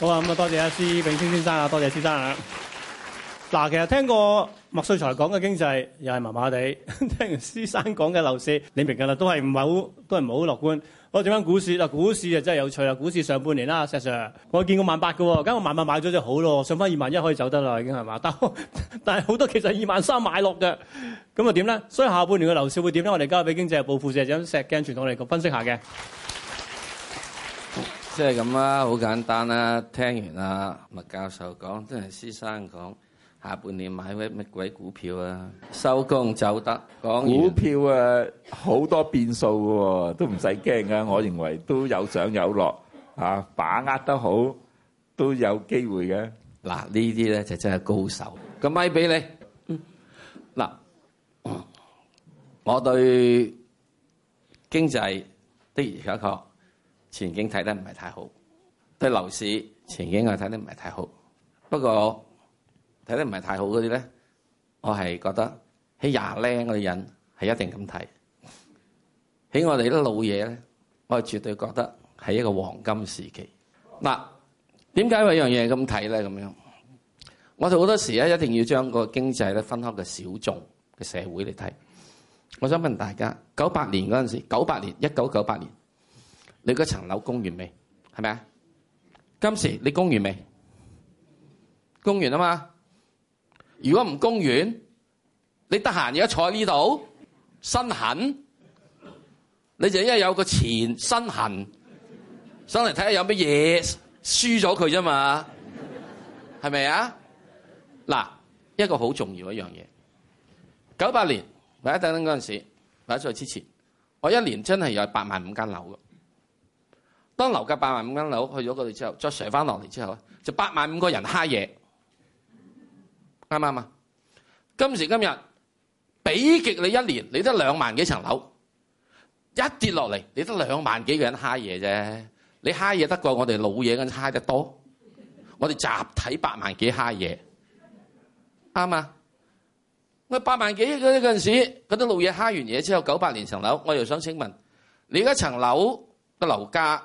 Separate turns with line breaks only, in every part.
好啊，咁啊，多謝阿施永青先生啊，多謝，謝施先生啊。嗱，其實聽過麥萃才講嘅經濟又係麻麻地，聽完施先生講嘅樓市，你明㗎啦，都係唔係好，都係唔係好樂觀。我講緊股市啊，股市啊真係有趣啊！股市上半年啦，石 Sir，我見過萬八嘅，咁我萬八買咗就好咯，上翻二萬一可以走得啦，已經係嘛？但但係好多其實二萬三買落嘅，咁啊點咧？所以下半年嘅樓市會點咧？我哋交俾經濟部副社長石鏡泉總嚟講分析下嘅。即係咁啦，好簡單啦。
聽完阿麥教授講，即係施生講，下半年買咩乜鬼股票啊？收工就得，講股票啊好多變數嘅，都唔使驚噶。我認為都有上有落，啊，把握得好都有機會嘅。嗱，呢啲咧就真係高手。個咪俾你。嗱，我對經濟的而且確。前景睇得唔係太好，對樓市前景我睇得唔係太好。不過睇得唔係太好嗰啲咧，我係覺得喺廿靚啲人係一定咁睇，喺我哋啲老嘢咧，我係絕對覺得係一個黃金時期。嗱、啊，點解有這樣嘢咁睇咧？咁樣，我哋好多時咧一定要將個經濟咧分開個小眾嘅社會嚟睇。我想問大家，九八年嗰陣時，九八年一九九八年。你嗰層樓供完未？係咪啊？今時你供完未？供完啊嘛！如果唔供完，你得閒而家坐喺呢度，身痕，你就因為有個錢身痕，上嚟睇下有乜嘢輸咗佢啫嘛？係咪啊？嗱， 一個好重要一樣嘢。九八年，等等嗰陣時，或者再之前，我一年真係有八萬五間樓嘅。當樓價八萬五間樓去咗嗰度之後，再上翻落嚟之後咧，就八萬五個人揩嘢，啱唔啱啊？今時今日比極你一年，你得兩萬幾層樓，一跌落嚟，你得兩萬幾個人揩嘢啫。你揩嘢得過我哋老嘢咁揩得多？我哋集體八萬幾揩嘢，啱嘛？我八萬幾嗰陣時，嗰啲老嘢揩完嘢之後九八年層樓，我又想請問，你一層樓嘅樓價？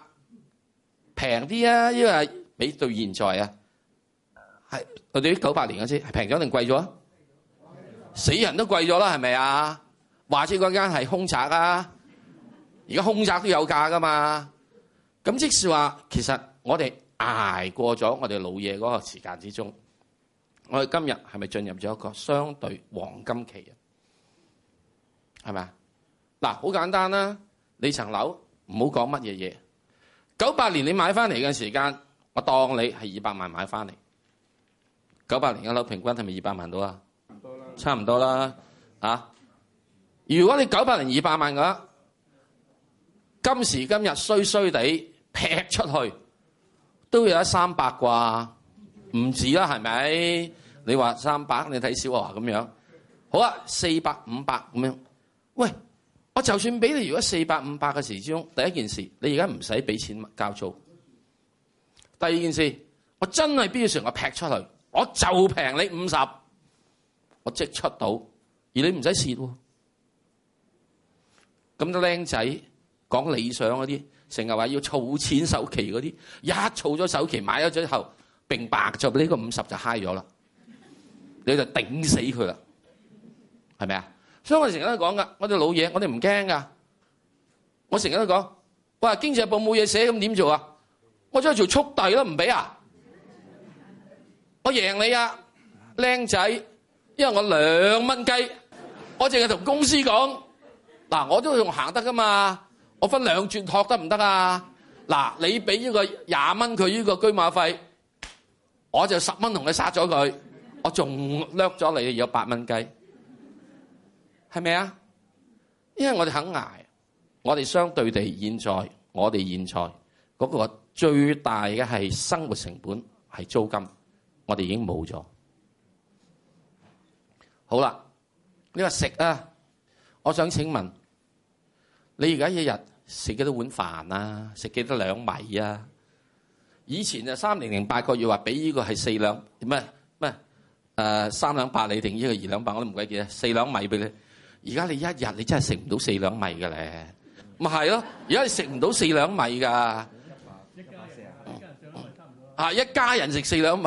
平啲啊，因為比到現在啊，係我哋九八年嗰陣時，平咗定貴咗啊？死人都貴咗啦，係咪啊？話說嗰間係空宅啊？而家空宅都有價㗎嘛？咁即是話，其實我哋捱過咗我哋老嘢嗰個時間之中，我哋今日係咪進入咗一個相對黃金期啊？係咪啊？嗱，好簡單啦，啊，你層樓唔好講乜嘢嘢。九八年你買翻嚟嘅時間，我當你係二百萬買翻嚟。九八年嘅樓平均係咪二百萬到啊？差唔多啦，差唔多啦，啊！如果你九八年二百萬嘅話，今時今日衰衰地劈出去，都有一三百啩？唔止啦，係咪？你話三百，你睇小華咁樣。好啊，四百五百咁樣，喂。我就算俾你，如果四百五百嘅時之中，第一件事你而家唔使俾錢交租；第二件事，我真係必要成我劈出去，我就平你五十，我即出到，而你唔使蝕喎。咁啲靚仔講理想嗰啲，成日話要儲錢首期嗰啲，一儲咗首期買咗之後，並白就俾呢個五十就嗨咗啦，你就頂死佢啦，係咪啊？所以我成日都講噶，我哋老嘢，我哋唔驚噶。我成日都講，喂，經濟部冇嘢寫咁點做啊？我走去做速遞都唔俾啊！我贏你啊，靚仔，因為我兩蚊雞，我淨係同公司講，嗱，我都仲行得噶嘛。我分兩轉托得唔得啊？嗱，你俾呢個廿蚊佢呢個車馬費，我就十蚊同你殺咗佢，我仲掠咗你有八蚊雞。係咪啊？因為我哋肯挨，我哋相對地，現在我哋現在嗰、那個最大嘅係生活成本係租金，我哋已經冇咗。好啦，你、話食啊，我想請問你而家一日食幾多碗飯啊？食幾多兩米啊？以前就三年零八個月話俾呢個係四兩，咩？係誒、啊、三兩百你定呢個二兩百，我都唔鬼記得，四兩米俾你。而家你一日你真係食唔到四兩米嘅咧，咪係咯？而家食唔到四兩米㗎，啊一家人食四兩米，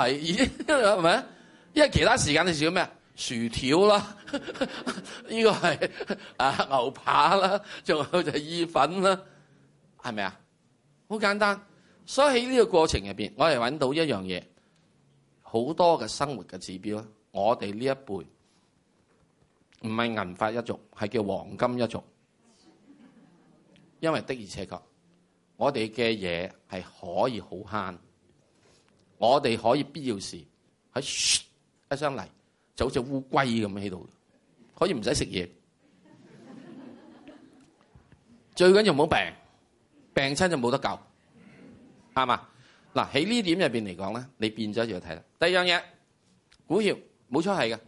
係咪？因為其他時間你食咩啊？薯條啦，呢個係啊牛扒啦，仲有就意粉啦，係咪啊？好簡單，所以喺呢個過程入邊，我哋揾到一樣嘢，好多嘅生活嘅指標，我哋呢一輩，唔係銀發一族，係叫黃金一族，因為的而且確，我哋嘅嘢係可以好慳，我哋可以必要時喺一箱嚟，就好似烏龜咁喺度，可以唔使食嘢， 最緊要冇病，病親就冇得救，係嘛？嗱喺呢點入邊嚟講咧，你變咗就睇啦。第二樣嘢，股票冇錯係嘅。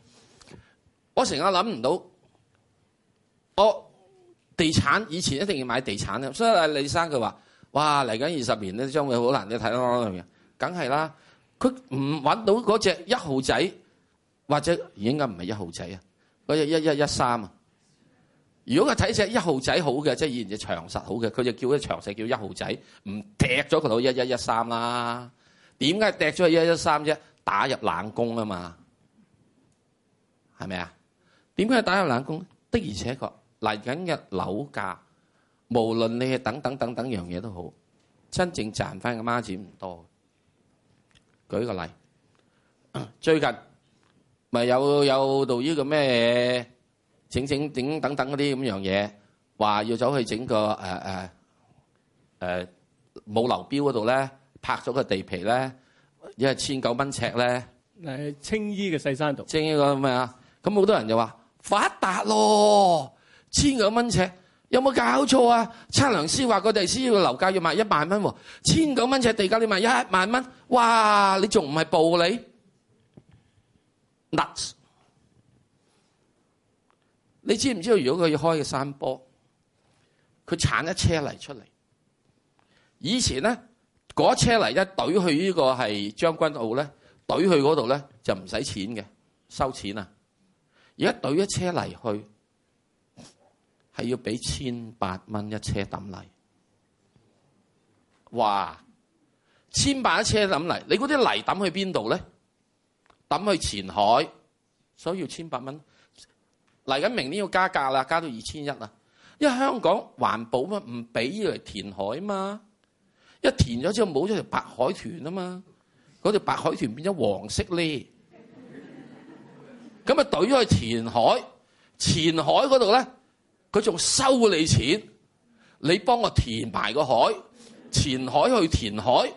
我成日諗唔到，我地產以前一定要買地產嘅，所以阿李生佢話，哇，嚟緊二十年咧，將會好難，你睇到我嚟嘅，梗係啦。佢唔搵到嗰隻一號仔，或者應該唔係一號仔啊，嗰隻一一一三啊。如果佢睇隻一號仔好嘅，即係以前隻長實好嘅，佢就叫佢長實叫一號仔，唔踢咗佢到一一一三啦。點解踢咗去一一三啫？打入冷宮啊嘛，係咪啊？點解打入冷宮？的而且確嚟緊嘅樓價，無論你係等等等等樣嘢都好，真正賺翻嘅孖錢唔多。舉個例，最近咪有有導演個咩整整整等等嗰啲咁樣嘢，話要走去整個誒誒誒冇樓標嗰度咧，拍咗個地皮咧，因為千九蚊尺咧。誒，青衣嘅細山道。青衣個咩啊？咁好多人就話。發達咯，千九蚊尺，有冇搞錯啊？測量師話個地師要樓價要賣一萬蚊，千九蚊尺地價你賣一萬蚊，哇！你仲唔係暴利？嗱！你知唔知道如果佢要開個山坡，佢鏟一車泥出嚟，以前咧嗰、那個、車泥一懟去呢個係將軍澳咧，懟去嗰度咧就唔使錢嘅，收錢啊！而家攢一車泥去，係要俾千八蚊一車抌泥。哇，千八一車抌泥，你嗰啲泥抌去邊度咧？抌去前海，所以要千八蚊。嚟緊明年要加價啦，加到二千一啦。因為香港環保嘛，唔俾依嚟填海嘛。一填咗之後冇咗條白海豚啊嘛，嗰條白海豚變咗黃色咧。咁咪對咗去填海，填海嗰度咧，佢仲收你錢，你幫我填埋個海，填海去填海，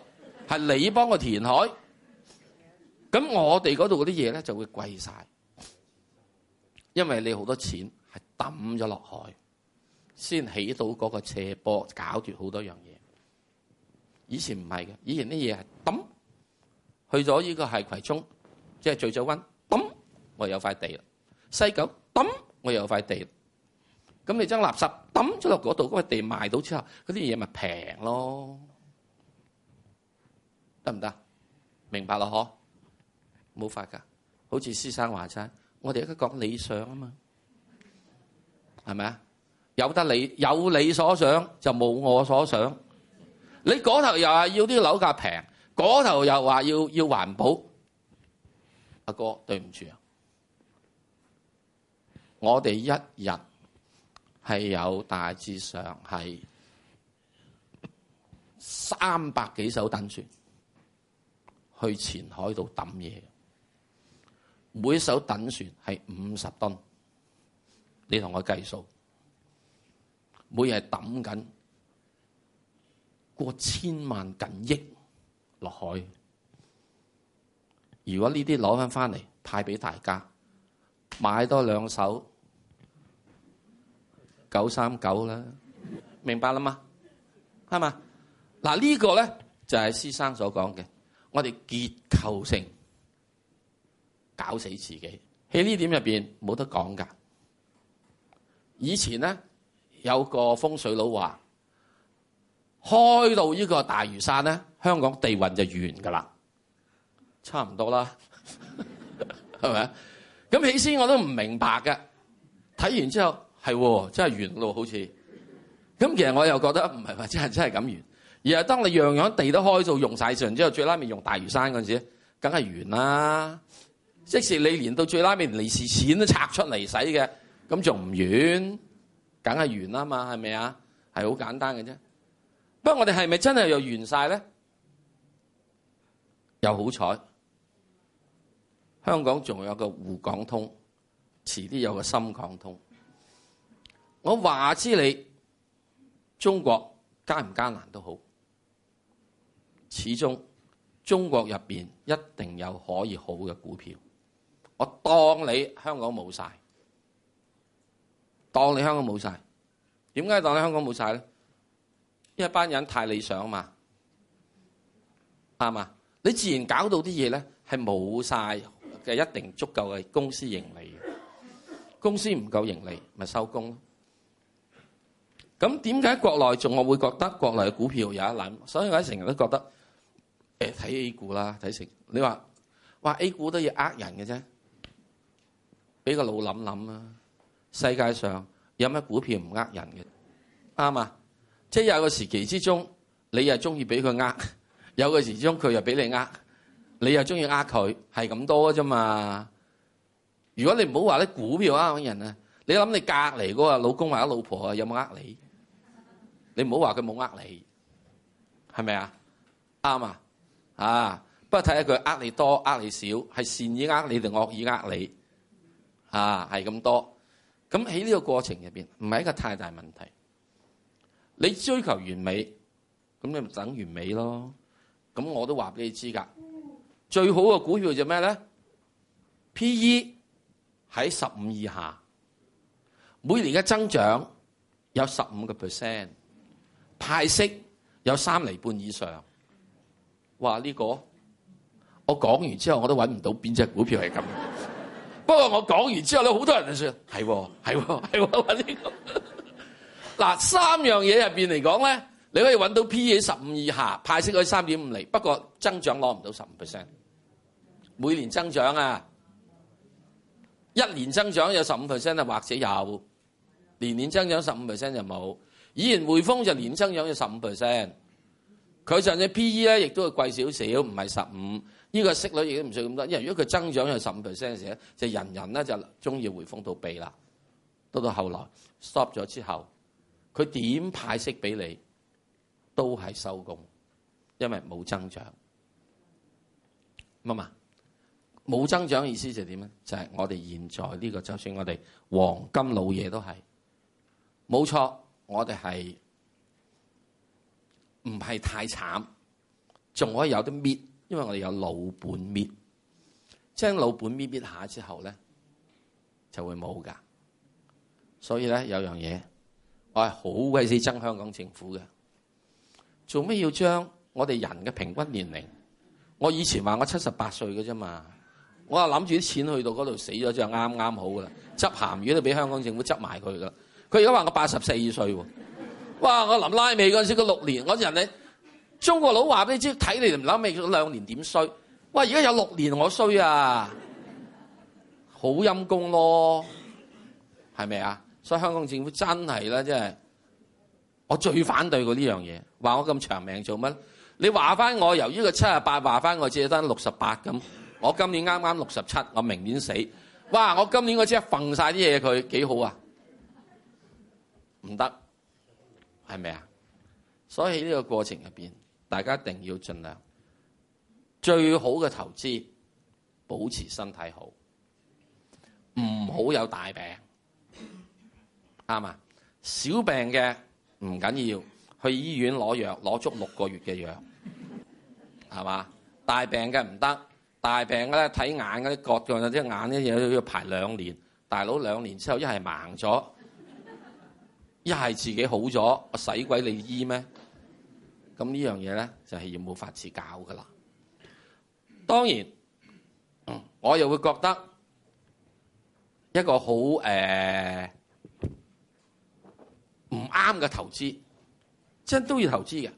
係你幫我填海，咁我哋嗰度嗰啲嘢咧就會貴曬，因為你好多錢係抌咗落海，先起到嗰個斜坡，搞住好多樣嘢。以前唔係嘅，以前啲嘢係抌去咗依個係葵涌，即係醉酒灣。我有塊地，西九抌我又有塊地，咁你將垃圾抌咗落嗰度，嗰塊地賣到之後，嗰啲嘢咪平咯？得唔得？明白咯，嗬？冇法噶，好似施生話齋，我哋而家講理想啊嘛，係咪啊？有得你有你所想，就冇我所想。你嗰頭又話要啲樓價平，嗰頭又話要要環保。阿哥，對唔住啊！我哋一日係有大致上係三百幾艘等船去前海度抌嘢，每艘等船係五十噸，你同我計數，每日抌緊過千萬近億落海。如果呢啲攞翻翻嚟派俾大家，買多兩手。九三九啦，明白啦嘛，係嘛？嗱、這個、呢個咧就係、是、施生所講嘅，我哋結構性搞死自己，喺呢點入邊冇得講噶。以前咧有個風水佬話，開到呢個大嶼山咧，香港地運就完噶啦，差唔多啦，係咪啊？咁起先我都唔明白嘅，睇完之後。係喎，真係遠路好似。咁其實我又覺得唔係話真係真係咁遠，而係當你樣樣地都開到用晒盡之後，最拉面用大嶼山嗰陣時，梗係遠啦。即使你連到最拉面利是錢都拆出嚟使嘅，咁仲唔遠？梗係遠啦嘛，係咪啊？係好簡單嘅啫。不過我哋係咪真係又完晒咧？又好彩，香港仲有個滬港通，遲啲有個深港通。我話知你中國艱唔艱難都好，始終中國入邊一定有可以好嘅股票。我當你香港冇晒，當你香港冇晒，點解當你香港冇晒咧？因為班人太理想啊嘛，係嘛？你自然搞到啲嘢咧，係冇晒嘅一定足夠嘅公司盈利嘅，公司唔夠盈利咪收工咯。咁點解國內仲我會覺得國內嘅股票有一諗？所以我成日都覺得誒睇 A 股啦，睇成你話哇 A 股都要呃人嘅啫，俾個腦諗諗啊。世界上有咩股票唔呃人嘅？啱啊！即係有個時期之中，你又中意俾佢呃；有個時期之中佢又俾你呃，你又中意呃佢，係咁多啫嘛。如果你唔好話啲股票呃人啊，你諗你隔離嗰個老公或者老婆啊，有冇呃你？你唔好話佢冇呃你，係咪啊？啱啊！啊，不過睇下佢呃你多呃你少，係善意呃你定惡意呃你啊？係咁多，咁喺呢個過程入面，唔係一個太大問題。你追求完美，咁你咪等完美咯。咁我都話俾你知㗎，最好嘅股票就咩咧？PE 喺十五以下，每年嘅增長有十五個 percent。派息有三厘半以上，話呢、呢個我講完之後我都揾唔到邊隻股票係咁。 不過我講完之後咧，好多人就算，係，係、啊，係揾呢個。嗱， 三樣嘢入邊嚟講咧，你可以揾到 PE 十五以下，派息喺三點五厘，不過增長攞唔到十五 percent，每年增長啊，一年增長有十五 percent 啊，或者有，年年增長十五 percent 就冇。以前匯豐就年增長咗十五 percent，佢甚至 P E 咧，亦都會貴少少，唔係十五。呢個息率亦都唔算咁多，因為如果佢增長咗十五 percent 嘅時候咧，就人人咧就中意匯豐到痹啦。到到後來 stop 咗之後，佢點派息俾你都係收工，因為冇增長。乜嘛？冇增長意思就係點咧？就係、是、我哋現在呢、這個，就算我哋黃金老嘢都係冇錯。我哋係唔係太慘？仲可以有啲搣，因為我哋有老本搣。將老本搣搣下之後咧，就會冇噶。所以咧有樣嘢，我係好鬼死憎香港政府嘅。做咩要將我哋人嘅平均年齡？我以前話我七十八歲嘅啫嘛，我話諗住啲錢去到嗰度死咗就啱啱好噶啦，執鹹魚都俾香港政府執埋佢啦。佢而家話我八十四歲喎，哇！我臨拉尾嗰陣時，六年，我人哋中國佬話俾你知，睇你唔拉尾，兩年點衰？哇！而家有六年我衰啊，好陰功咯，係咪啊？所以香港政府真係咧，真係我最反對佢呢樣嘢，話我咁長命做乜？你話翻我由依個七啊八，話翻我只得六十八咁，我今年啱啱六十七，我明年死，哇！我今年我即刻瞓晒啲嘢佢，幾好啊！唔得，係咪啊？所以呢個過程入邊，大家一定要盡量最好嘅投資，保持身體好，唔好有大病，啱嘛？小病嘅唔緊要，去醫院攞藥，攞足六個月嘅藥，係嘛？大病嘅唔得，大病咧睇眼啲各樣，有啲眼咧要要排兩年，大佬兩年之後一係盲咗。一係自己好咗，我使鬼你醫咩？咁呢樣嘢咧就係要冇法子搞㗎喇。當然，我又會覺得一個好誒唔啱嘅投資，即係都要投資嘅。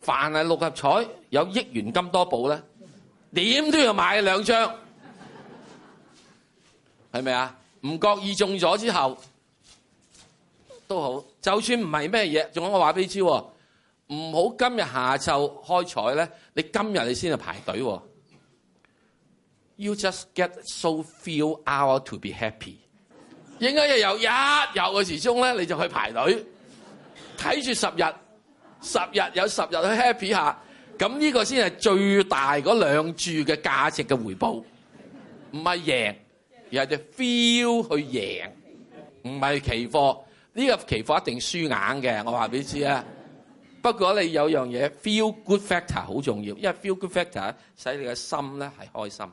凡係六合彩有億元金多寶咧，點都要買兩張，係咪啊？唔覺意中咗之後，都好，就算唔係咩嘢，仲有我話俾你知，唔好今日下晝開彩咧，你今日你先去排隊。You just get so few hour to be happy。 應該一有一有嘅時鐘咧，你就去排隊，睇住十日，十日有十日去 happy 下，咁呢個先係最大嗰兩注嘅價值嘅回報，唔係贏，而係就 feel 去贏，唔係期貨呢、這個期貨一定輸硬嘅，我話俾你知啊！ 不過你有樣嘢 feel good factor 好重要，因為 feel good factor 使你嘅心咧係開心。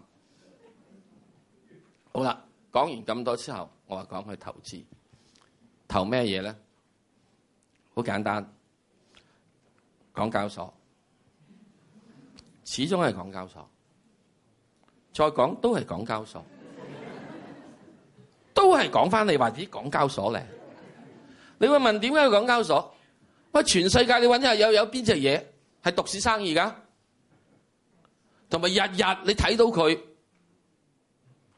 好啦，講完咁多之後，我話講去投資，投咩嘢咧？好簡單，港交所，始終係港交所，再講都係港交所，都係講翻你話啲港交所咧。你會問點解個港交所？喂，全世界你搵下有有邊隻嘢係獨市生意噶？同埋日日你睇到佢，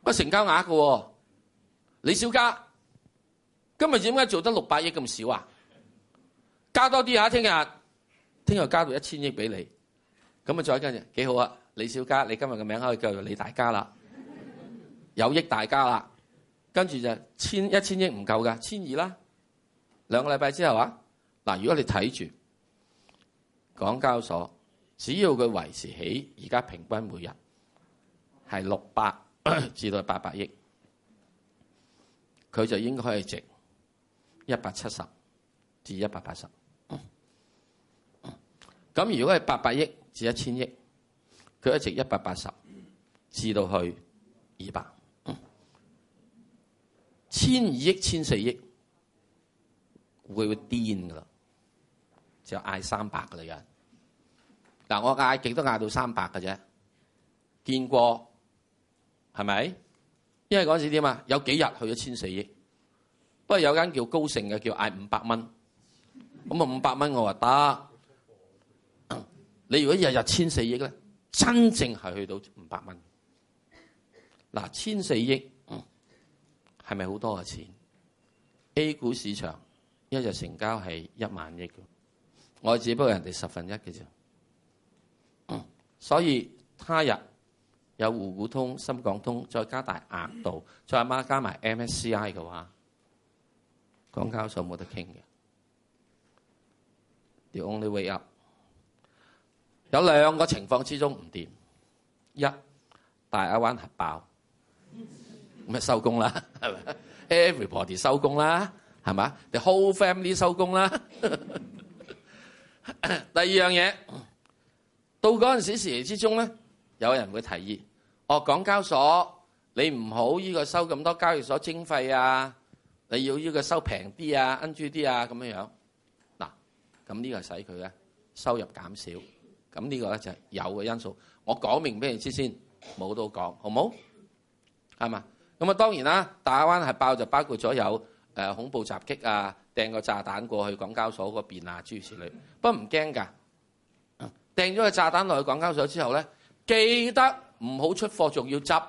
喂成交額噶。李小加，今日點解做得六百億咁少啊？加多啲吓，聽日聽日加到一千億俾你。咁啊，再跟住，幾好啊？李小加，你今日嘅名可以叫做李大家啦，有益大家啦。跟住就千一千億唔夠噶，千二啦。兩個禮拜之後啊，嗱，如果你睇住港交所，只要佢維持起而家平均每日係六百至到八百億，佢就應該係值一百七十至一百八十。咁、嗯、如果係八百億至一、嗯、千億，佢一直一百八十至到去二百千二億、千四億。會會癲噶啦，就嗌三百噶啦，嗱，我嗌極都嗌到三百噶啫，見過係咪？因為嗰陣時點啊，有幾日去咗千四億，不過有間叫高盛嘅叫嗌五百蚊，咁啊五百蚊我話得， 你如果日日千四億咧，真正係去到五百蚊，嗱，千四億係咪好多嘅錢？A 股市場。一日成交係一萬億，我只不過人哋十分一嘅啫，嗯。所以他日有滬股通、深港通，再加大額度，再加埋 MSCI 嘅話，港交所冇得傾嘅。The only way up。有兩個情況之中唔掂，一大亞灣核爆，咁咪收工啦，係咪？Everybody 收工啦。係嘛？你 whole family 收工啦。第二樣嘢，到嗰陣時時期之中咧，有人會提議，哦，港交所你唔好依個收咁多交易所徵費啊，你要依個收平啲啊，N G D 啊咁樣樣。嗱，咁呢個使佢嘅收入減少。咁呢個就係有嘅因素。我講明俾你知先，冇都講，好唔好？係嘛。咁啊，當然啦，大灣係爆就包括咗有。啊、恐怖襲擊啊！掟個炸彈過去港交所嗰邊啊，諸如此類。不過唔驚㗎，掟咗個炸彈落去港交所之後咧，記得唔好出貨，仲要執，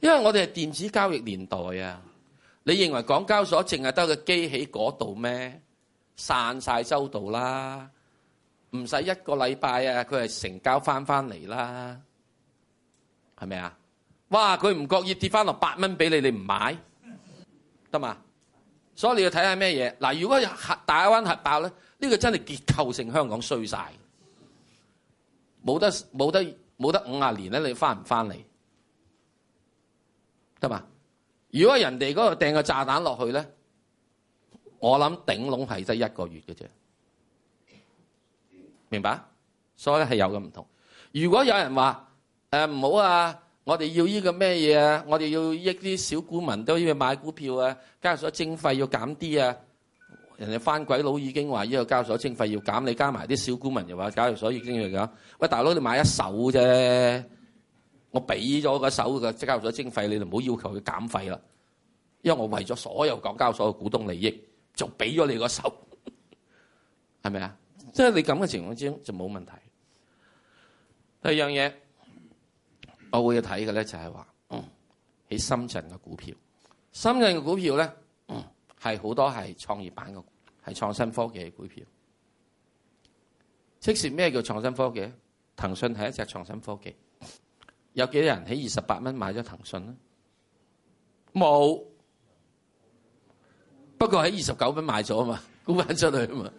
因為我哋係電子交易年代啊！你認為港交所淨係得個機喺嗰度咩？散晒周到啦，唔使一個禮拜啊，佢係成交翻翻嚟啦，係咪啊？哇！佢唔覺意跌翻落八蚊俾你，你唔買？得嘛？所以你要睇下咩嘢嗱，如果核大亞灣核爆咧，呢個真係結構性香港衰晒，冇得冇得冇得五十年咧，你翻唔翻嚟？得嘛？如果人哋嗰度掟個炸彈落去咧，我諗頂籠係得一個月嘅啫，明白？所以係有咁唔同。如果有人話誒唔好啊～我哋要呢個咩嘢啊？我哋要益啲小股民都要買股票啊！交易所徵費要減啲啊！人哋翻鬼佬已經話呢個交易所徵費要減，你加埋啲小股民又話交易所已經要㗎。喂，大佬你買一手啫，我俾咗個手嘅即交易所徵費，你就唔好要求佢減費啦。因為我為咗所有港交所嘅股東利益，就俾咗你個手，係咪啊？即係你咁嘅情況之下就冇問題。第二樣嘢。我會睇嘅咧就係話喺深圳嘅股票，深圳嘅股票咧係好多係創業板嘅，係創新科技嘅股票。即是咩叫創新科技？騰訊係一隻創新科技，有幾多人喺二十八蚊買咗騰訊咧？冇，不過喺二十九蚊買咗啊嘛，沽翻出去啊嘛，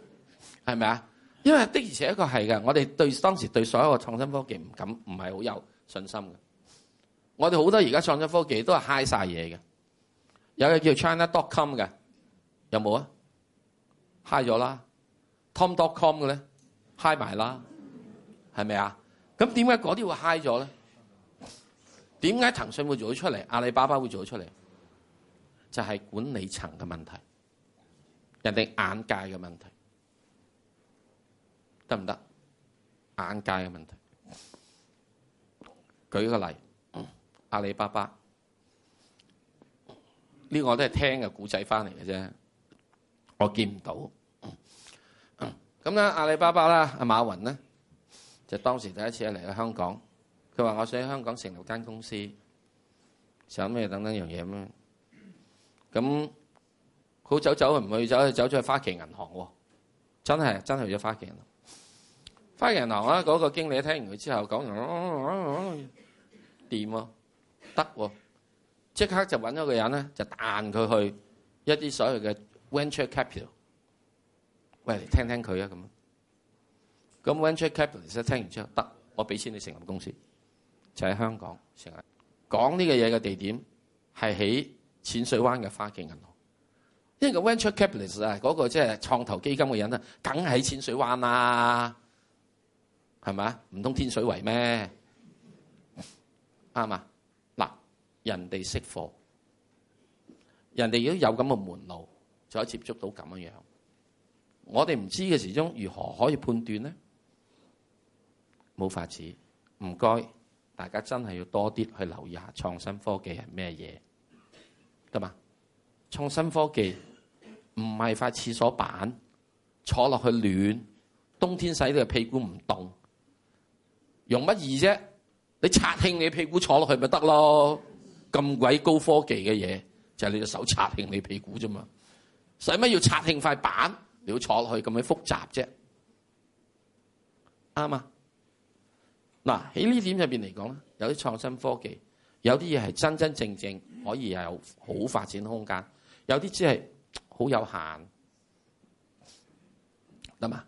係咪啊？因為的而且確係嘅，我哋對當時對所有嘅創新科技唔敢，唔係好有信心嘅。我哋好多而家創新科技都係 high 晒嘢嘅，有個叫 China.com 嘅，有冇啊？high 咗啦，Tom.com 嘅咧，high 埋啦，係咪啊？咁點解嗰啲會 high 咗咧？點解騰訊會做出嚟，阿里巴巴會做出嚟？就係管理層嘅問題，人哋眼界嘅問題，得唔得？眼界嘅問題，舉個例。阿里巴巴呢、這個我都係聽嘅故仔翻嚟嘅啫，我見唔到。咁、嗯、咧阿里巴巴啦，阿馬雲咧，就當時第一次嚟到香港，佢話我想喺香港成立間公司，想咩等等樣嘢咩？咁佢走走去唔去走？走咗去花旗銀行喎，真係真係去咗花旗銀行。花旗銀行啊，嗰、那個經理聽完佢之後講：掂啊？啊啊啊得喎，即刻就揾咗個人咧，就彈佢去一啲所謂嘅 venture capital，喂，嚟聽聽佢啊咁。咁 venture capitalist 一聽完之後，得，我俾錢你成立公司，就喺香港成立。講呢個嘢嘅地點係喺淺水灣嘅花旗銀行，因為個 venture capitalist 啊，嗰個即係創投基金嘅人咧，梗喺淺水灣啦，係咪啊？唔通天水圍咩？啱嘛？人哋識貨，人哋如果有咁嘅門路，就可以接觸到咁樣樣。我哋唔知嘅始終如何可以判斷咧？冇法子。唔該，大家真係要多啲去留意下創新科技係咩嘢，得嘛？創新科技唔係塊廁所板，坐落去暖，冬天洗到個屁股唔凍，容乜易啫？你擦興你屁股坐落去咪得咯？咁鬼高科技嘅嘢，就係、是、你隻手擦興你屁股啫嘛！使乜要擦興塊板？你要坐落去咁樣複雜啫，啱啊！嗱，喺呢點入邊嚟講咧，有啲創新科技，有啲嘢係真真正正可以有好發展空間，有啲只係好有限，得嘛？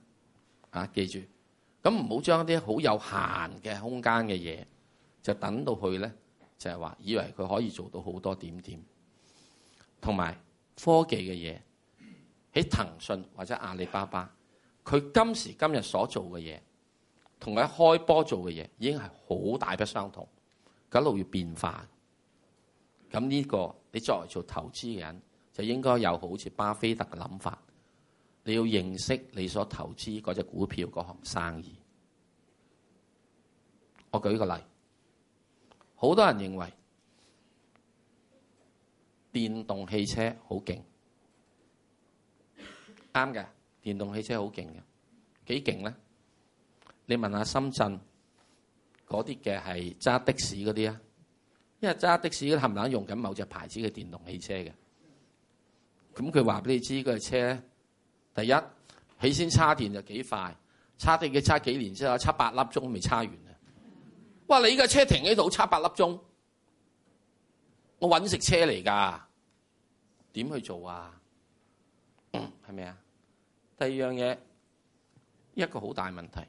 啊，記住，咁唔好將一啲好有限嘅空間嘅嘢，就等到佢咧。就係話，以為佢可以做到好多點點，同埋科技嘅嘢喺騰訊或者阿里巴巴，佢今時今日所做嘅嘢，同佢一開波做嘅嘢，已經係好大不相同，咁一路要變化。咁呢個你作為做投資嘅人，就應該有好似巴菲特嘅諗法，你要認識你所投資嗰隻股票嗰行生意。我舉個例。好多人認為電動汽車好勁，啱嘅電動汽車好勁嘅，幾勁咧？你問下深圳嗰啲嘅係揸的士嗰啲啊，因為揸的士啲冚唪唥用緊某隻牌子嘅電動汽車嘅，咁佢話俾你知，嗰隻車第一起先叉電就幾快，叉電嘅叉幾年之後七八粒鐘都未叉完。哇！你依個車停喺度差八粒鐘，我搵食車嚟噶，點去做啊？係咪啊？第二樣嘢，一個好大問題，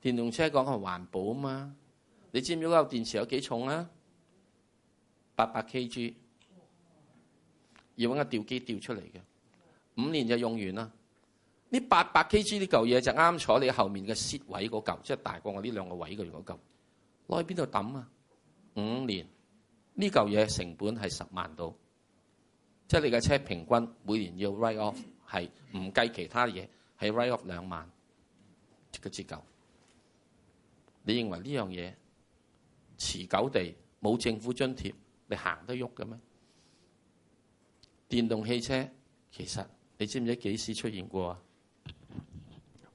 電動車講係環保啊嘛。你知唔知嗰個電池有幾重啊？八百 kg，要搵個吊機吊出嚟嘅，五年就用完啦。呢八百 kg 呢嚿嘢就啱坐你後面嘅設位嗰嚿，即係大過我呢兩個位嘅嗰嚿。攞去邊度抌啊？五年呢嚿嘢成本係十萬度，即係你嘅車平均每年要 write off 係唔計其他嘢，係 write off 兩萬個折舊。你認為呢樣嘢持久地冇政府津貼，你行得喐嘅咩？電動汽車其實你知唔知幾時出現過啊？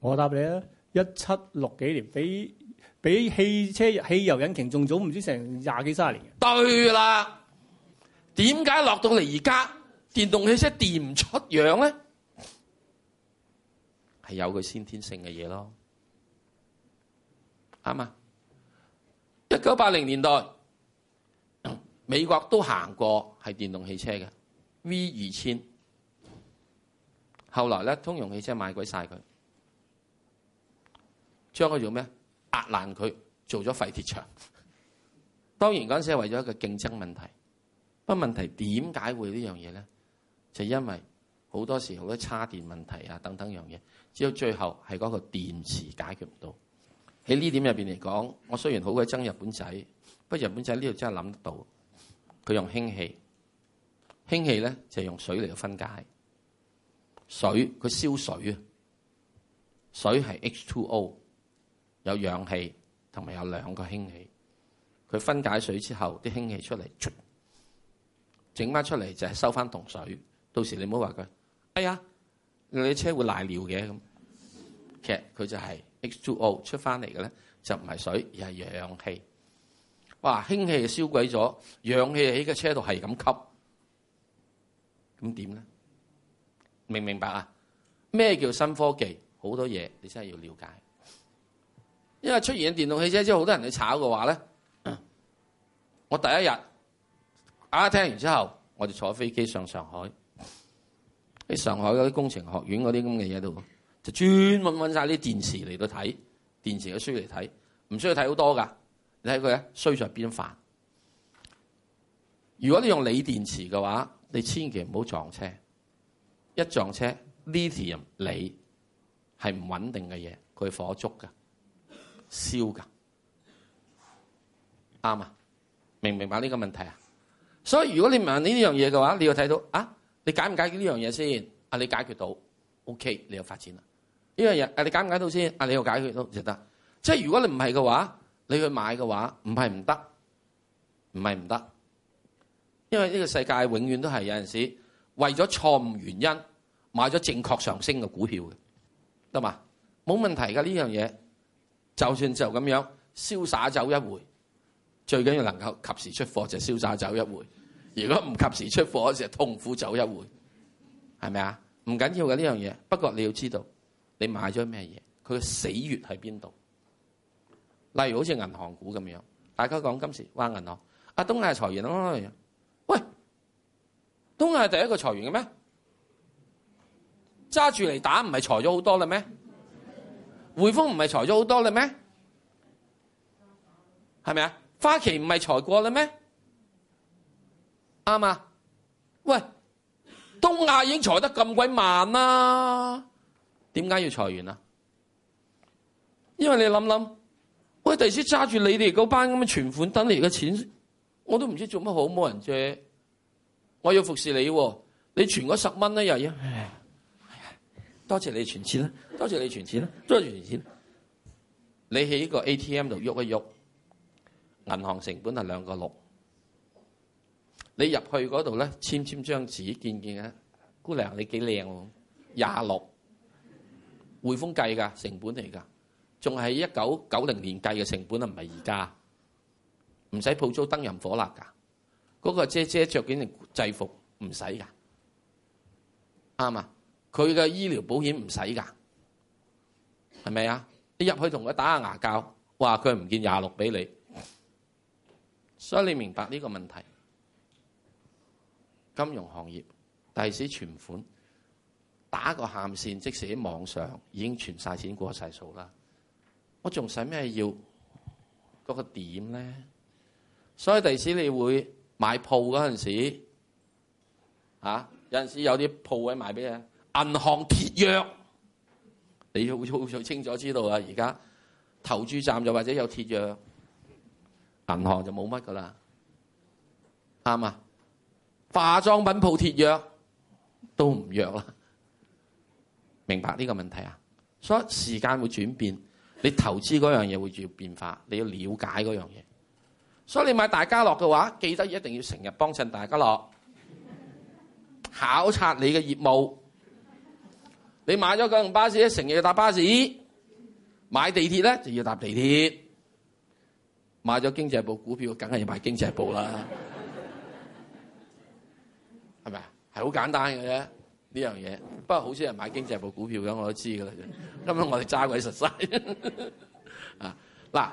我答你啊，一七六幾年比。比汽車汽油引擎仲早唔知成廿幾卅年，
對對啦。
點解落到嚟而
家電動汽車電唔出樣咧？係有佢先天性嘅嘢咯，啱啊！一九八零年代美國都行過係電動汽車嘅 V 二千，後來咧通用汽車買鬼晒佢，將佢做咩？壓爛佢做咗廢鐵場。當然嗰陣時係為咗一個競爭問題，不過問題點解會這樣呢樣嘢咧？就因為好多時好多叉電問題啊等等樣嘢，只有最後係嗰個電池解決唔到。喺呢點入邊嚟講，我雖然好鬼憎日本仔，不過日本仔呢度真係諗得到，佢用氫氣，氫氣咧就用水嚟到分解，水佢燒水啊，水係 H2O。有氧氣同埋有兩個氫氣，佢分解水之後啲氫氣出嚟，整翻出嚟就係收翻同水。到時你唔好話佢，哎呀，你啲車會瀨尿嘅咁。其實佢就係、是、H2O 出翻嚟嘅咧，就唔係水而係氧氣。哇，氫氣燒鬼咗，氧氣喺個車度係咁吸，咁點咧？明唔明白啊？咩叫新科技？好多嘢你真係要了解。因為出現咗電動汽車之後，好多人去炒嘅話咧，我第一日大家聽完之後，我就坐飛機上上海，喺上海嗰啲工程學院嗰啲咁嘅嘢度，就專揾揾晒啲電池嚟到睇，電池嘅書嚟睇，唔需要睇好多噶。你睇佢咧衰在邊範？如果你用鋰電池嘅話，你千祈唔好撞車，一撞車 lithium 鋰係唔穩定嘅嘢，佢火燭㗎。燒噶，啱啊，明唔明白呢個問題啊？所以如果你問呢呢樣嘢嘅話，你要睇到啊，你解唔解決呢樣嘢先？啊，你解，解決到，OK，你又發展啦。呢樣嘢，啊，你解唔解到先？啊，你要解決到，就得。即係如果你唔係嘅話，你去買嘅話，唔係唔得，唔係唔得。因為呢個世界永遠都係有陣時為咗錯誤原因買咗正確上升嘅股票嘅，得嘛？冇問題噶呢樣嘢。就算就咁樣瀟灑走一回，最緊要能夠及時出貨就瀟灑走一回。如果唔及時出貨，就痛苦走一回，係咪啊？唔緊要嘅呢樣嘢，不過你要知道你買咗咩嘢，佢嘅死穴喺邊度。例如好似銀行股咁樣，大家講今時話銀行，阿東亞裁員咯。喂，東亞第一個裁員嘅咩？揸住嚟打唔係裁咗好多啦咩？匯豐唔係裁咗好多啦咩？係咪啊？花旗唔係裁過啦咩？啱啊！喂，東亞已經裁得咁鬼慢啦，點解要裁員啊？因為你諗諗，我第時揸住你哋嗰班咁嘅存款等嚟嘅錢，我都唔知做乜好，冇人借，我要服侍你，啊，你存我十蚊咧又。多謝你存錢啦，多謝你存錢啦，多謝存錢啦。你喺依個 ATM 度喐一喐，銀行成本係兩個六。你入去嗰度咧，簽一簽一張紙，見見啊，姑娘你幾靚喎，廿六，匯豐計噶成本嚟噶，仲係一九九零年計嘅成本啦，唔係而家，唔使鋪租燈人火辣噶，嗰、那個姐姐著件制服唔使噶，啱啊。佢嘅醫療保險唔使噶，係咪啊？你入去同佢打下牙膠，話佢唔見廿六俾你，所以你明白呢個問題。金融行業第時存款打個限線，即使喺網上已經存晒錢過晒數啦。我仲使咩要嗰個點咧？所以第時你會買鋪嗰陣時，啊有陣時有啲鋪位賣俾人。銀行貼約，你要好清楚知道啊。而家投注站又或者有貼約，銀行就冇乜噶啦，啱嘛？化妝品鋪貼約都唔約啦，明白呢個問題啊？所以時間會轉變，你投資嗰樣嘢會要變化，你要了解嗰樣嘢。所以你買大家樂嘅話，記得一定要成日幫襯大家樂， 考察你嘅業務。你買咗九龍巴士咧，成日要搭巴士；買地鐵咧，就要搭地鐵；買咗經濟部股票，梗係要買經濟部啦，係咪啊？係好簡單嘅啫，呢樣嘢。不過好少人買經濟部股票嘅，我都知㗎啦。今日我哋揸鬼實曬啊！嗱，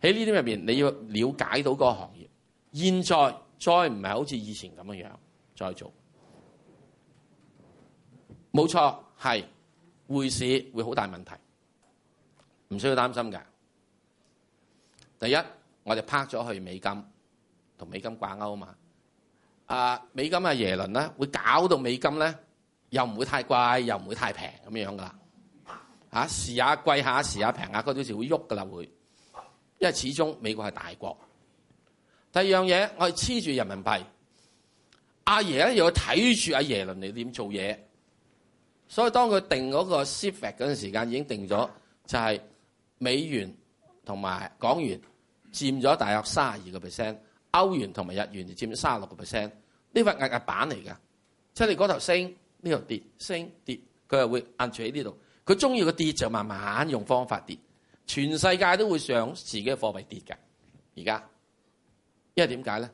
喺呢啲入面，你要了解到個行業。現在再唔係好似以前咁嘅樣再做，冇錯，係。匯市會好大問題，唔需要擔心嘅。第一，我哋拍咗去美金，同美金掛鈎嘛。啊，美金啊，耶倫呢會搞到美金呢又唔會太貴，又唔會太平咁樣㗎啦。啊，嚇時下貴下，時下平下，嗰啲時候會喐㗎喇，會。因為始終美國係大國。第二樣嘢，我係黐住人民幣。阿爺咧又要睇住阿耶倫嚟點做嘢。所以當佢定嗰個 shift 嗰陣時間已經定咗，就係美元同埋港元佔咗大約三十二個 percent，歐元同埋日元就佔咗三十六個 percent。呢塊壓壓板嚟㗎，出嚟嗰頭升呢頭跌升跌，佢又會硬住喺呢度。佢中意個跌就慢慢用方法跌，全世界都會想自己嘅貨幣跌㗎。而家因為點解咧？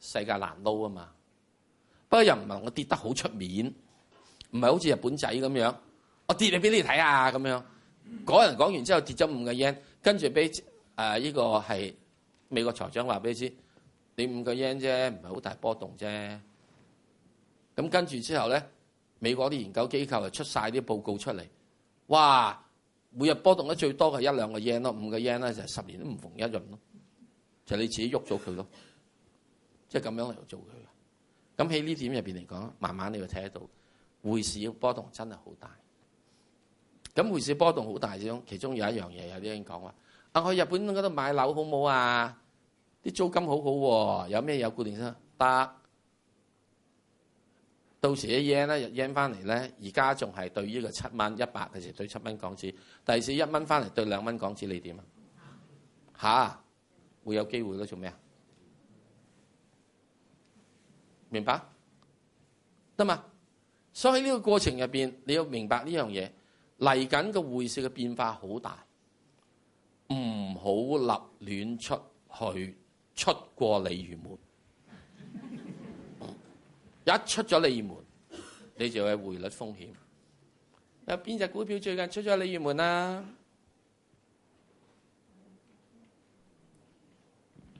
世界難撈啊嘛，不過又唔係我跌得好出面。唔係好似日本仔咁樣，我、哦、跌你俾你睇啊咁樣。嗰人講完之後跌咗五個 yen，跟住俾呃呢個係美國財長話俾你知，你五個 yen 啫，唔係好大波動啫。咁跟住之後咧，美國啲研究機構又出曬啲報告出嚟，哇！每日波動得最多係一兩個 yen 咯，五個 yen 咧就十年都唔逢一潤咯，就係、你自己喐咗佢咯，即係咁樣嚟做佢。咁喺呢點入邊嚟講，慢慢你會睇得到。匯市波動真係好大，咁匯市波動好大之中，其中有一樣嘢，有啲人講話，啊去日本嗰度買樓好唔好啊？啲租金好好喎，有咩有固定先？得？到時一 yen 呢，一 yen 翻嚟咧，而家仲係對依個七蚊一百嘅時對七蚊港紙，第時一蚊翻嚟對兩蚊港紙，你點啊？嚇、啊，會有機會咯？做咩啊？明白？得嘛。」所以呢個過程入邊，你要明白呢樣嘢，嚟緊嘅匯市嘅變化好大，唔好立亂出去出過鯉魚門。 一出咗鯉魚門，你就係匯率風險。有邊隻股票最近出咗鯉魚門啊？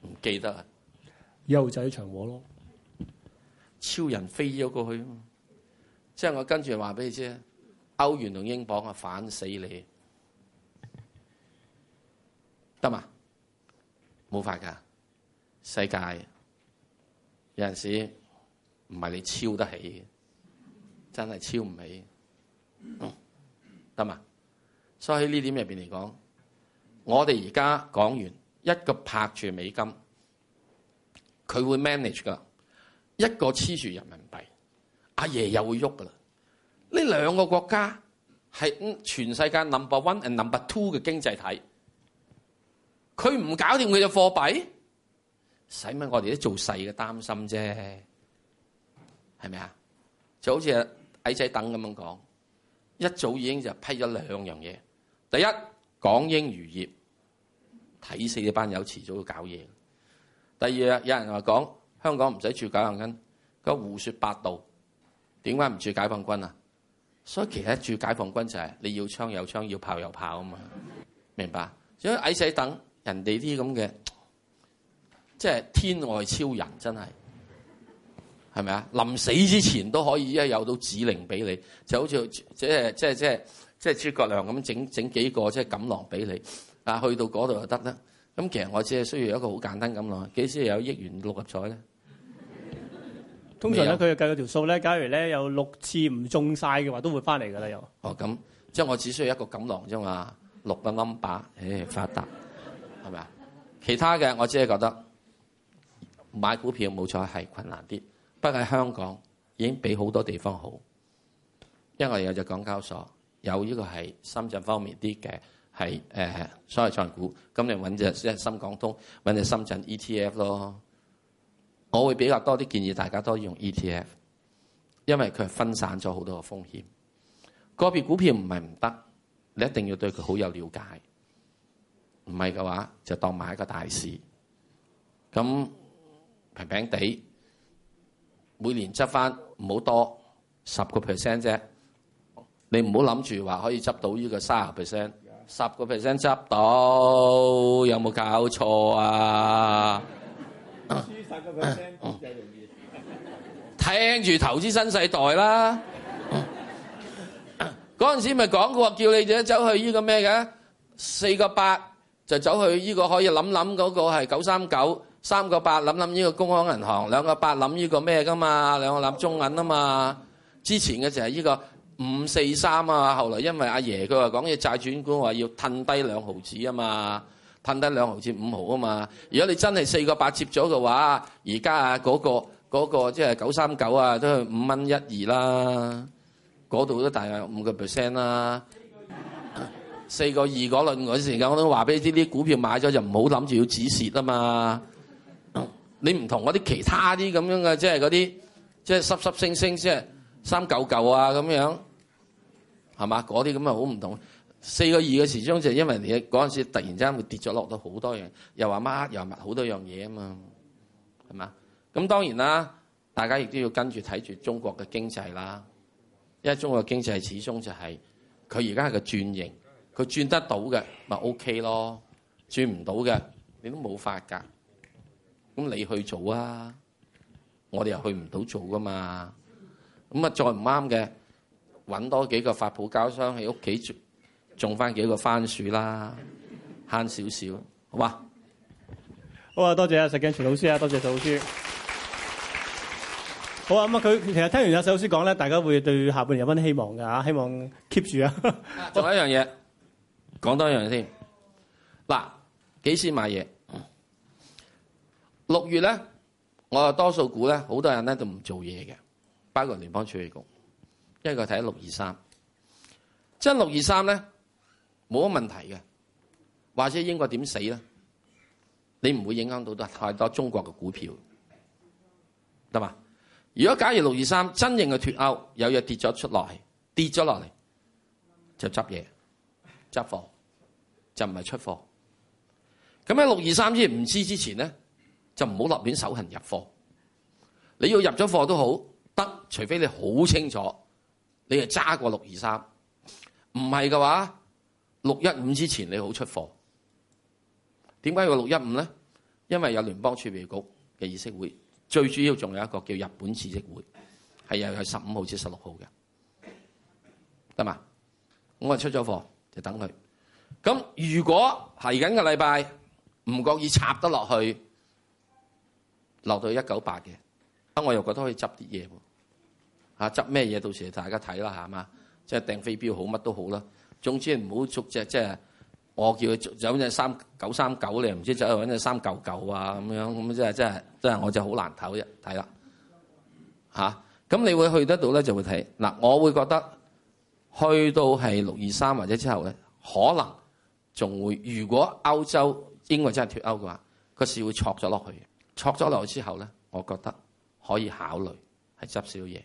唔記得啊，
幼仔長和咯，超人
飛咗過去。即係我跟住話俾你知，歐元同英鎊啊，反死你得嘛？冇法噶，世界有陣時唔係你超得起，真係超唔起得嘛、嗯？所以呢點入邊嚟講，我哋而家講完一個拍住美金，佢會 manage 噶；一個黐住人民幣。阿爺，爺又會喐噶啦！呢兩個國家係全世界 number one and number two 嘅經濟體，佢唔搞掂佢嘅貨幣，使乜我哋啲做細嘅擔心啫？係咪啊？就好似阿矮仔等咁樣講，一早已經就批咗兩樣嘢。第一，港英漁業睇死，啲班友遲早會搞嘢。第二啊，有人話講香港唔使住九廿根，佢胡說八道。點解唔住解放軍啊？所以其實住解放軍就係你要槍有槍，要炮有炮啊嘛！明白？所以矮仔等人哋啲咁嘅，即係天外超人，真係係咪啊？臨死之前都可以，一有到指令俾你，就好似即係即係即係即係諸葛亮咁整整幾個即係錦囊俾你，啊去到嗰度又得啦。咁其實我只係需要一個好簡單的錦囊，幾時有億元
六合彩咧？通常咧，佢計嗰條數咧，假如咧有六次唔中晒嘅話，都會翻嚟噶啦，又。哦，咁即係我只需要一個錦囊啫嘛，六
個 number，誒、哎、發達，係咪啊？其他嘅我只係覺得買股票冇錯係困難啲，不過喺香港已經比好多地方好，因為有隻港交所，有呢個係深圳方面啲嘅係誒，所謂創股，咁你揾隻即係深港通，揾隻深圳 ETF 咯。我會比較多啲建議大家多用 ETF，因為佢係分散咗好多嘅風險。個別股票唔係唔得，你一定要對佢好有了解。唔係嘅話，就當買一個大市。咁平平地，每年執翻唔好多，十個 percent 啫。你唔好諗住話可以執到呢個卅 percent，十個 percent 執到，有冇搞錯啊？聽個聲聽住投資新世代啦。嗰 陣時咪講過叫你哋走去呢個咩嘅？四個八就走去呢個可以諗諗嗰個係九三九，三個八諗諗呢個工行銀行，兩個八諗呢個咩噶嘛？兩個諗中銀啊嘛。之前嘅就係呢個五四三啊，後來因為阿爺佢話講嘢債轉股話要褪低兩毫子啊嘛。噴得兩毫至五毫啊嘛！如果你真係四個八折咗嘅話，而家啊嗰個嗰個即係九三九啊，都係五蚊一二啦，嗰度都大約五個 percent 啦。四個二嗰輪嗰陣時間，我都話俾你知，啲股票買咗就唔好諗住要止蝕啊嘛。你唔同嗰啲其他啲咁樣嘅，即係嗰啲即係濕濕星星，即係三九九啊咁樣，係嘛？嗰啲咁啊好唔同。四個二嘅時鐘就係因為你嗰陣時突然之間跌咗落到好多樣，又話媽，又話媽，好多樣嘢啊嘛，係嘛？咁當然啦，大家亦都要跟住睇住中國嘅經濟啦，因為中國嘅經濟始終就係佢而家係個轉型，佢轉得到嘅咪 OK 咯，轉唔到嘅你都冇法㗎，咁你去做啊，我哋又去唔到做㗎嘛，咁啊再唔啱嘅搵多幾個發泡膠箱喺屋企種翻幾個番薯啦，慳少少，好
吧？好啊，多謝啊石鏡泉老師啊，多謝石老師。好啊，咁啊，佢其實聽完阿石老師講咧，大家會對下半年有翻啲希望㗎嚇，希望 keep 住啊。
做一樣嘢，講多一樣嘢先。嗱，幾時買嘢？六月咧，我啊多數估咧，好多人咧都唔做嘢嘅，包括聯邦儲備局，因為佢睇六二三，即係六二三咧。冇乜問題嘅，或者英國點死咧？你唔會影響到得太多中國嘅股票，得嘛？如果假如六二三真正嘅脱歐有日跌咗出嚟，跌咗落嚟就執嘢執貨，就唔係出貨。咁喺六二三之唔知之前咧，就唔好立亂手痕入貨。你要入咗貨都好得，除非你好清楚，你係揸過六二三，唔係嘅話。六一五之前你好出貨，點解要六一五咧？因為有聯邦儲備局嘅議息會，最主要仲有一個叫日本議息會，係又係十五號至十六號嘅，得嘛？我係出咗貨就等佢。咁如果係緊個禮拜唔覺意插得落去，落到一九八嘅，啊我又覺得可以執啲嘢喎。嚇執咩嘢？到時大家睇啦係嘛，即係掟飛鏢好乜都好啦。總之唔好捉隻，即係我叫佢捉有隻三九三九你唔知走去隻三九九啊，咁樣咁，即係即係即係我就好難睇一睇啦。吓，咁你會去得到咧，就會睇嗱，我會覺得去到係六二三或者之後咧，可能仲會，如果歐洲英國真係脫歐嘅話，個市會挫咗落去，挫咗落去之後咧，我覺得可以考慮係執少嘢。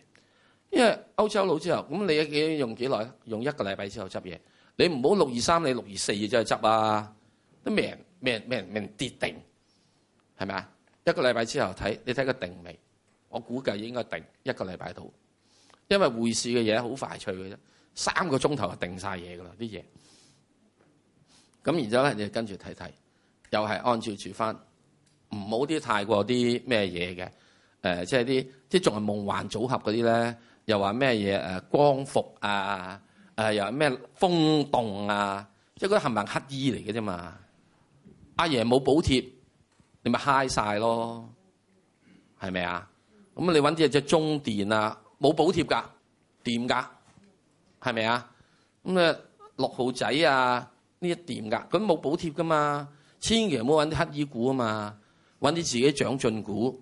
因為歐洲佬之後，咁你嘅用幾耐啊？用一個禮拜之後執嘢，你唔好六二三，你六二四嘢再執啊！都明明明明跌定，係咪啊？一個禮拜之後睇，你睇個定未？我估計應該定一個禮拜度，因為匯市嘅嘢好快脆嘅啫，三個鐘頭就定晒嘢噶啦啲嘢。咁然之後咧，你就跟住睇睇，又係按照住返，唔好啲太過啲咩嘢嘅，誒、呃，即係啲即係仲係夢幻組合嗰啲咧。又話咩嘢？誒，光伏啊，誒、啊啊、又咩風動啊？即係嗰啲係咪乞衣嚟嘅啫嘛？阿爺冇補貼，你咪揩晒咯，係咪啊？咁你揾啲隻中電啊，冇補貼㗎，掂㗎，係咪啊？咁咧六號仔啊，呢一掂㗎，佢冇補貼㗎嘛，千祈唔好揾啲乞衣股啊嘛，揾啲自己長進股，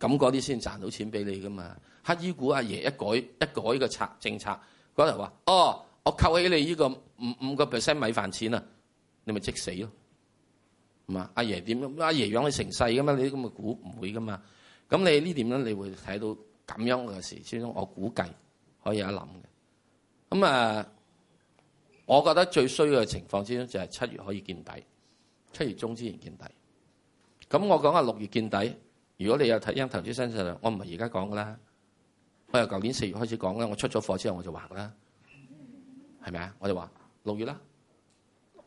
咁嗰啲先賺到錢俾你㗎嘛。黑衣股阿爺一改一改個策政策，嗰頭話：哦，我扣起你呢個五五個 percent 米飯錢啊！你咪即死咯，啊！阿爺點樣？阿爺養你成世噶嘛？你啲咁嘅股唔會噶嘛？咁你呢點咧？你會睇到咁樣嘅事。先我估計可以有得諗嘅。咁啊，我覺得最衰嘅情況之中就係七月可以見底，七月中之前見底。咁我講下六月見底。如果你有睇因投資新勢量，我唔係而家講噶啦。我由舊年四月開始講啦，我出咗貨之後我就話啦，係咪啊？我就話六月啦，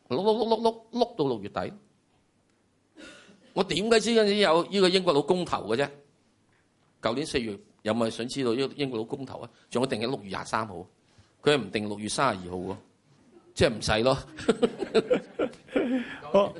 碌碌碌碌碌碌到六月底，我點解知有呢個英國佬公投嘅啫？舊年四月有冇人想知道呢個英國佬公投啊？仲要定喺六月廿三號，佢係唔定六月三十二號喎，即係唔使咯。